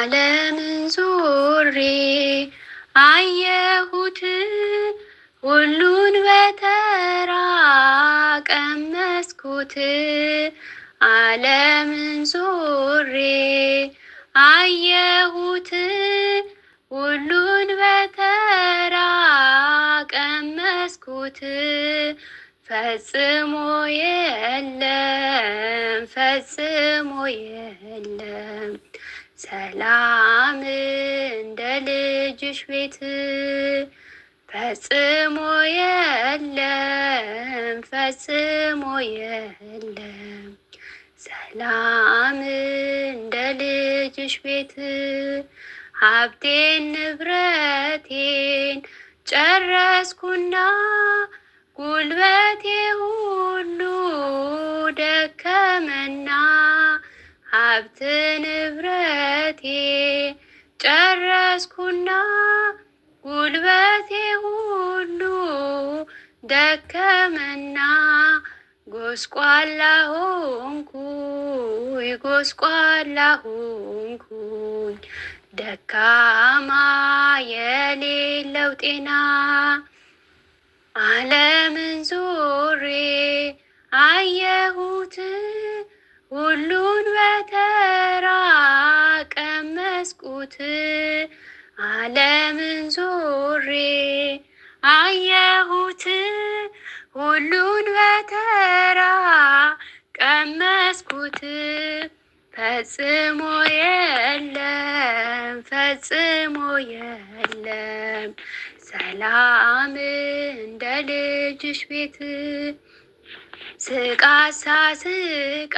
ዓለምን ዞሬ አየሁት ሁሉን በተራ ቀመስኩት። ዓለምን ዞሬ አየሁት ሁሉን በተራ ቀመስኩት። ፈጽሞ የለም ፈጽሞ የለም ሰላም እንደ ልጅሽ ቤት ፈጽሞ የለም ፈጽሞ የለም። ሰላም እንደ ልጅሽ ቤት ሀብቴን ንብረቴን ጨረስኩና ጉልበቴ ሁሉ ደከመና ሀብት ንብረቴ ጨረስኩና ጉልበቴ ሁሉ ደከመና ጎስቋላ ሆንኩኝ ጎስቋላ ሆንኩኝ ደካማ የሌለው ጤና ዓለምን ዞሬ አየሁት ሁሉን ዓለምን ዞሬ አየሁት ሁሉን በተራ ቀመስኩት። ፈጽሞ የለም ፈጽሞ የለም ሰላም እንደ ልጅሽ ቤት ስቃ ሳስቃ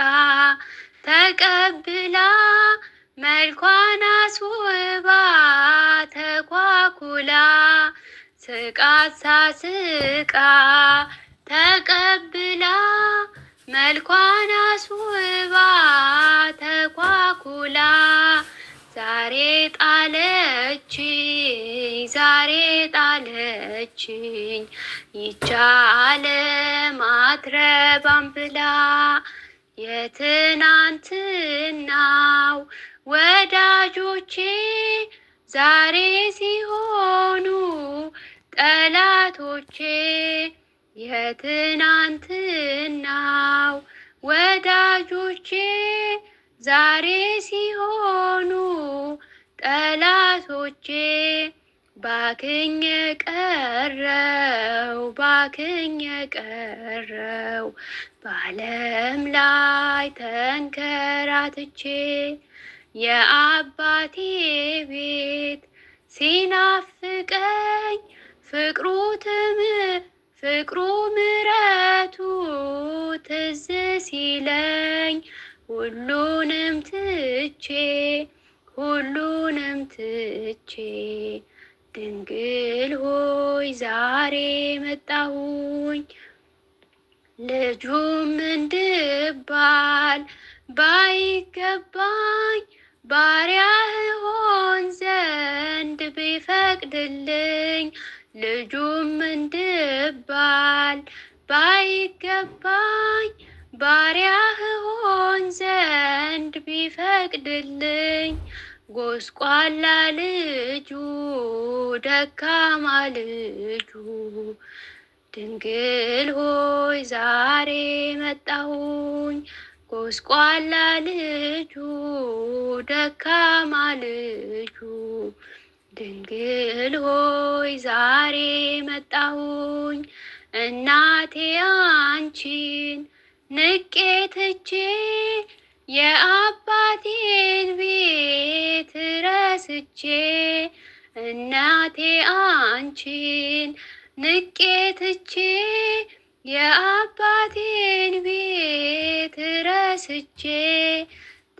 ተቀብላ መልኳን አስውባ ተኳኩላ ስቃት ሳስቃ ተቀብላ መልኳን አስውባ ተኳኩላ ዛሬ ጣለችኝ ዛሬ ጣለችኝ ይቻለ ማትረባም ብላ የትናንትናው ወዳጆቼ ዛሬ ሲሆኑ ጠላቶቼ የትናንትናው ወዳጆቼ ዛሬ ሲሆኑ ጠላቶቼ ባክኝ ቀረው ባክኝ ቀረው በዓለም ላይ ተንከራትቼ የአባቴ ቤት ሲናፍቀኝ ፍቅሩ ትም ፍቅሩ ምረቱ ትዝ ሲለኝ ሁሉንም ትቼ ሁሉንም ትቼ ድንግል ሆይ ዛሬ መጣሁኝ። ልጁም እንድባል ባይገባኝ ባሪያህ ሆን ዘንድ ቢፈቅድልኝ ልጁም እንድባል ባይገባኝ ባሪያህ ሆን ዘንድ ቢፈቅድልኝ ጎስቋላ ልጁ ደካማ ልጁ ድንግል ሆይ ዛሬ መጣሁኝ ጎስቋላ ልጁ ደካማ ልጁ ድንግል ሆይ ዛሬ መጣሁኝ እናቴ አንቺን ንቄ ትቼ የአባቴን ቤት ረስቼ እናቴ አንቺን ንቄ ትቼ የአባቴን ቤት ረስቼ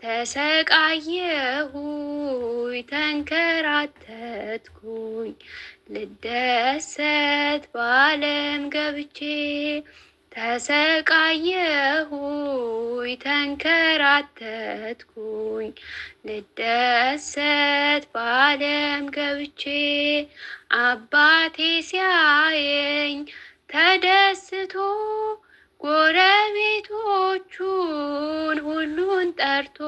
ተሰቃየሁኝ ተንከራተትኩኝ ልደሰት ባለም ገብቼ ተሰቃየሁኝ ተንከራተትኩኝ ልደሰት በዓለም ገብቼ አባቴ ሲያየኝ ተደስቶ ጎረቤቶቹን ሁሉን ጠርቶ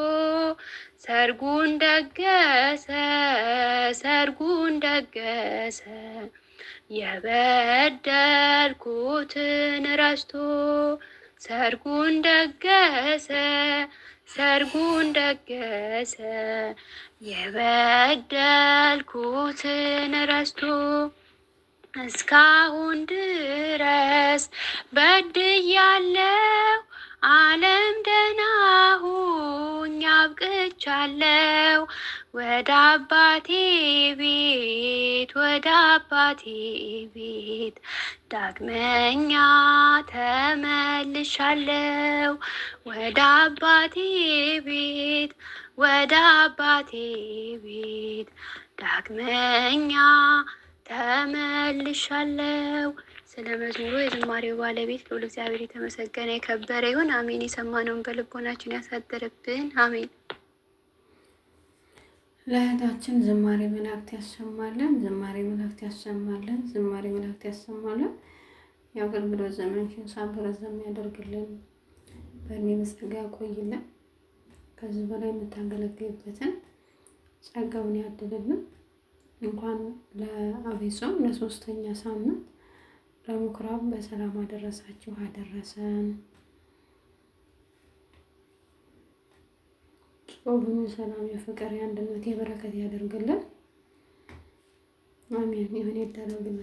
ሰርጉን ደገሰ ሰርጉን ደገሰ የበደልኩትን ረስቶ ሰርጉን ደገሰ ሰርጉን ደገሰ የበደልኩትን ረስቶ እስካሁን ድረስ በድያለው ዓለም ደና መጥቻለሁ ወደ አባቴ ቤት ወደ አባቴ ቤት ዳግመኛ ተመልሻለሁ ወደ አባቴ ቤት ወደ አባቴ ቤት ዳግመኛ ተመልሻለሁ። ስለ መዝሙሩ የዝማሬው ባለቤት ልዑል እግዚአብሔር የተመሰገነ የከበረ ይሁን። አሜን። የሰማነውን በልቦናችን ያሳደረብን አሜን። ለእህታችን ዝማሬ መላእክት ያሰማለን፣ ዝማሬ መላእክት ያሰማለን፣ ዝማሬ መላእክት ያሰማለን። የአገልግሎት ዘመን ዘመንሽን ሳበረዘም ያደርግልን፣ በእድሜ በጸጋ ያቆይልን። ከዚህ በላይ የምታገለግልበትን ጸጋውን ያድልልን። እንኳን ለዐቢይ ጾም ለሶስተኛ ሳምንት ለምኩራብ በሰላም አደረሳችሁ አደረሰን። ጾሙን ሰላም፣ የፍቅር፣ የአንድነት፣ የበረከት ያደርግልን። አሜን። ይሁን ይደረግልን።